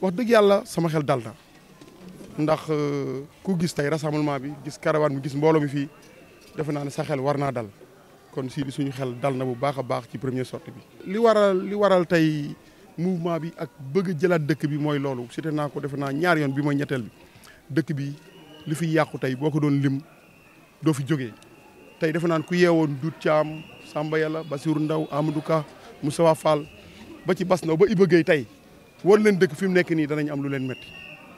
wax dëgg yàlla sama xel dal na ndax euh, ku gis tey rassemblement bi gis caravane mu gis mbooloo mi fii defe naa ne sa xel war naa dal kon sii di suñu xel dal na bu baax a baax ci première sortie bi. li waral li waral tey mouvement bi ak bëgg jëlaat dëkk bi mooy loolu cité naa ko defe naa ñaar yoon bi mooy ñetteel dëkk bi li fi yàqu tey boo ko doon lim doo fi jógee tey defe naa ku yeewoon Dut Thiam Samba Yàlla Basiru Ndaw Amadou Ka Moussa Fall ba ci Bas Ndaw ba Iba tey. war leen dëkk fi mu nekk nii danañ am lu leen métti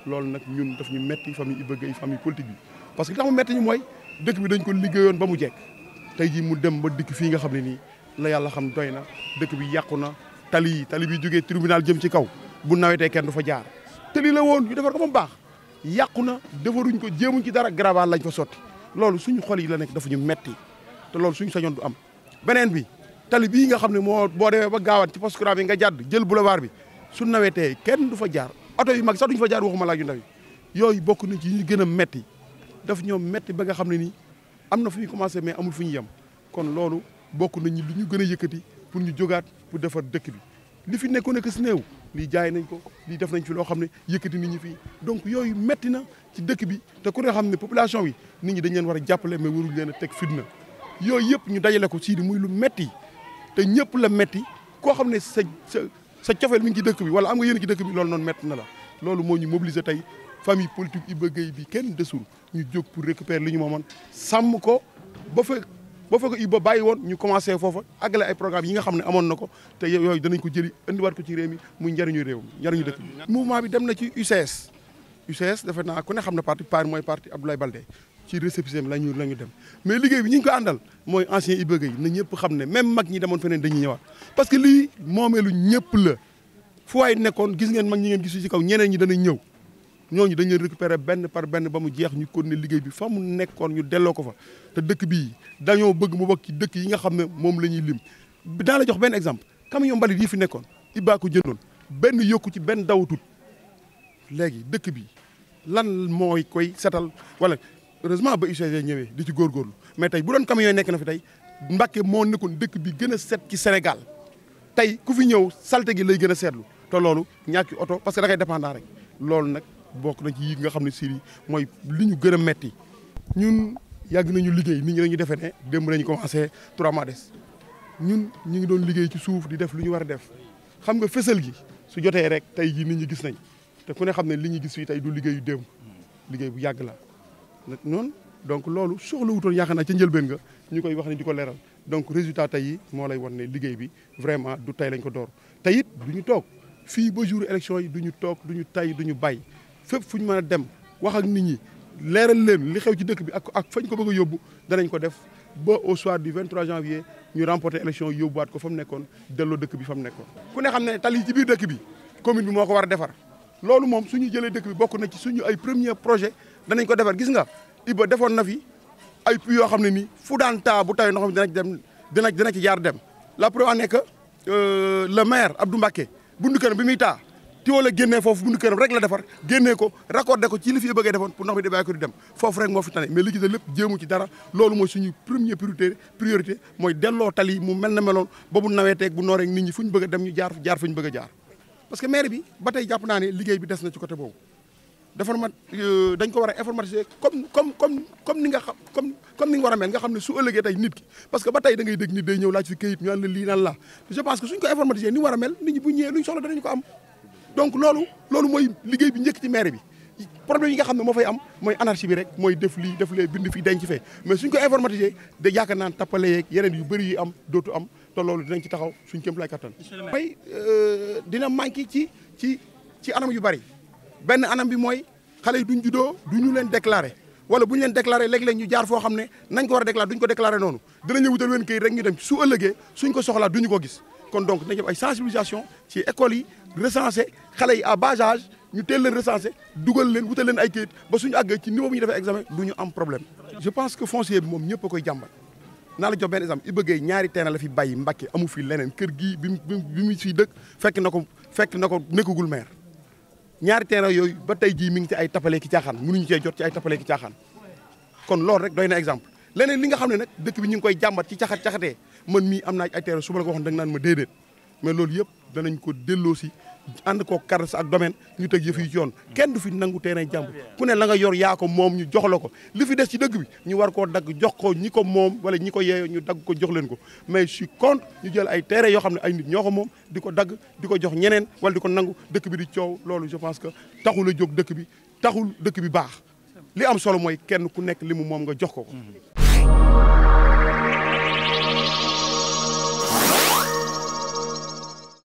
loolu nag ñun daf ñu métti famille Iba Gueye famille politique bi parce que li tax mu métti ñu mooy dëkk bi dañ ko liggéeyoon ba mu jekk tey jii mu dem ba dikk fii nga xam ne nii la yàlla xam doy na dëkk bi yàqu na tali yi tali bi jógee tribunal jëm ci kaw bu nawetee kenn du fa jaar tali la woon ñu defar ko ba mu baax yàqu na defaruñ ko jéemuñ ci dara grabaal lañ fa sot loolu suñu xol yi la nekk dafa ñu metti te loolu suñu sañoon du am beneen bi tali bii nga xam ne moo boo demee ba gaawaan ci poste courant bi nga jàdd jël boulevard bi su nawetee kenn du fa jaar oto yu mag sax fa jaar waxuma laa yu ndaw yooyu bokku na ci ñu gën a metti daf ñoom metti ba nga xam ne nii am na fu ñu commencé mais amul fu ñu yem kon loolu bokk nañu lu ñu gën a yëkkati pour ñu jógaat pour defar dëkk bi li fi nekkoon nekk si néew lii jaay nañ ko lii def nañ fi loo xam ne yëkkati nit ñi fii donc yooyu metti na ci dëkk bi te ku ne xam ne population bi nit ñi dañ leen war a jàppale mais waruñ leen a teg fitna yooyu yëpp ñu dajale ko sii di muy lu metti te ñëpp la metti koo xam ne sa sa sa cofeel mi ngi ci dëkk bi wala am nga yéen ci dëkk bi loolu noonu métti na la loolu moo ñu mobiliser tey famille politique Iba Gueye bi kenn desul ñu jóg pour récupérer li ñu moomoon sàmm ko ba fa ba Iba bàyyi woon ñu commencé foofa àggale ay programme yi nga xam ne amoon na ko te yooyu danañ ko jëli indiwaat ko ci réew mi muy njariñu réew mi njariñu dëkk bi mouvement bi dem na ci UCS UCS defe naa ku ne xam ne parti parti mooy parti Abdoulaye Baldé ci récépissé la ñu la ñu dem mais liggéey bi ñi ñu ko àndal mooy ancien Iba na ñëpp xam ne même mag ñi demoon feneen dañuy ñëwaat parce que lii moomeelu ñëpp la fu waay nekkoon gis ngeen mag ñi ngeen gisu ci kaw ñeneen ñi danañ ñëw ñooñu dañuy récupérer benn par benn ba mu jeex ñu continuer liggéey bi fa mu nekkoon ñu delloo ko fa te dëkk bii dañoo bëgg mu bokk ci dëkk yi nga xam ne moom la ñuy lim daa la jox benn exemple camion mbalit yi fi nekkoon Iba ko jëndoon benn yokk ci benn dawatut léegi dëkk bi lan mooy koy setal wala heureusement ba UCG ñëwee di ci góorgóorlu mais tey bu doon camion nekk na fi tey Mbàkke moo nekkoon dëkk bi gën a set ci Sénégal tey ku fi ñëw salte gi lay gën a seetlu te loolu ñàkki oto parce que da dépendant rek loolu nag bokk na ci yi nga xam ne siri mooy li ñu gën a metti ñun yàgg nañu liggéey nit ñi dañu defee ne démb nañu commencé trois mois des ñun ñu ngi doon liggéey ci suuf di def lu ñu war a def xam nga fësal gi su jotee rek tey jii nit ñi gis nañ te ku ne xam ne li ñu gis fii tey du liggéeyu démb liggéey bu yàgg la noonu donc loolu soxla wutoon yaakaar naa ca njëlbeen nga ñu koy wax ni di ko leeral donc résultat tey moo lay won ne liggéey bi vraiment du tey lañ ko door te it du ñu toog fii ba jour élection yi du ñu toog du ñu tay du ñu bay fépp fu ñu mën a dem wax ak ni ñi leeral leen li xew ci dëkk bi ak ak fañ ko bëgg yóbbu danañ ko def boo au soir du 23 janvier ñu remporter élection yóbbuwaat ko fa mu nekkoon delloo dëkk bi fa mu nekkoon. ku ne xam ne tali ci biir dëkk bi commune bi moo ko war defar loolu moom suñu jëlee dëkk bi bokk na ci suñu ay premier projet danañ ko defar gis nga Iba defoon na fi ay puits yoo xam ne nii fu daan taa bu tawee ndox mi dina ci dem dina dina ci jaar dem la preuve en est que euh, le defar génnee ko raccordé ko ci li fi bëggee defoon pour ndox mi di bàyyi ko mooy suñu première priorité mooy delloo tali mu mel na meloon ba bu naweteeg bu nooree nit ñi fu ñu bëgg a ñu jaar jaar fu ñu bëgg a jaar parce que maire bi ba tey jàpp naa liggéey bi des na ci côté boobu déformat euh, dañ ko war a informatiser comme comme comme comme ni nga xam comme comme ni nga war a nga xam ne su ëllëgee tey nit ki parce que ba tey da ngay dégg nit day ñëw laaj fi këyit ñu naan la lii nan la je pense que suñ ko informatiser a mel nit ko am donc loolu loolu mooy liggéey bi njëkk ci maire bi problème yi nga xam ne moo fay am mooy anarchie bi rek mooy def lii def lee bind fi denc fee mais suñ ko informatiser da yaakaar naan tappale yeeg yeneen yu bëri yi am dootu am te loolu dinañ ci taxaw suñ kéem lay kattan may euh, dina manqué ci ci ci anam yu bëri benn anam bi mooy xale yi duñ juddoo du ñu leen déclaré wala bu ñu leen déclaré léeg-léeg ñu jaar foo xam ne nañ ko war a déclaré duñ ko déclaré noonu dinañu wutal wen këyit rek ñu dem su ëllëgee suñ ko soxlaa duñu ko gis kon donc dinañ def ay sensibilisation ci école yi recensé xale yi à ñu teel leen recensé dugal leen wutal leen ay këyit ba suñu àggee ci niveau bu ñu defee examen du ñu am problème je pense que foncier bi moom ñëpp koy jàmbat naa la jox benn exemple ñaari terrain la fi bàyyi Mbacké amu fi leneen kër gii bi bi mu fiy dëkk fekk na ko fekk na ko nekkagul maire ñaari terrain yooyu ba tey jii mi ngi ci ay tapale ki caaxaan mënuñu cee jot ci ay tapale caaxaan kon loolu rek doy na exemple leneen li nga xam ne nag dëkk bi ñu ngi koy jàmbat ci caxat caxatee man mi am naa ay terrain su ma la ko naan ma déedéet mais loolu yëpp danañ ko delloo si ànd ko CARS ak domaine ñu teg yëf yi ci kenn du fi nangu terrain jàmbur ku ne la nga yor yaa ko moom ñu jox la ko li fi des ci dëkk bi ñu war koo dagg jox ko ñi ko moom wala ñi ko yeeyoo ñu dagg ko jox leen ko mais je suis jël ay terrain yoo xam ne ay nit ñoo ko moom di ko dagg di jox ñeneen ko nangu dëkk bi di coow loolu je pense que taxul a jóg dëkk bi taxul dëkk bi baax li am solo mooy kenn ku nekk li mu moom nga jox ko mm-hmm.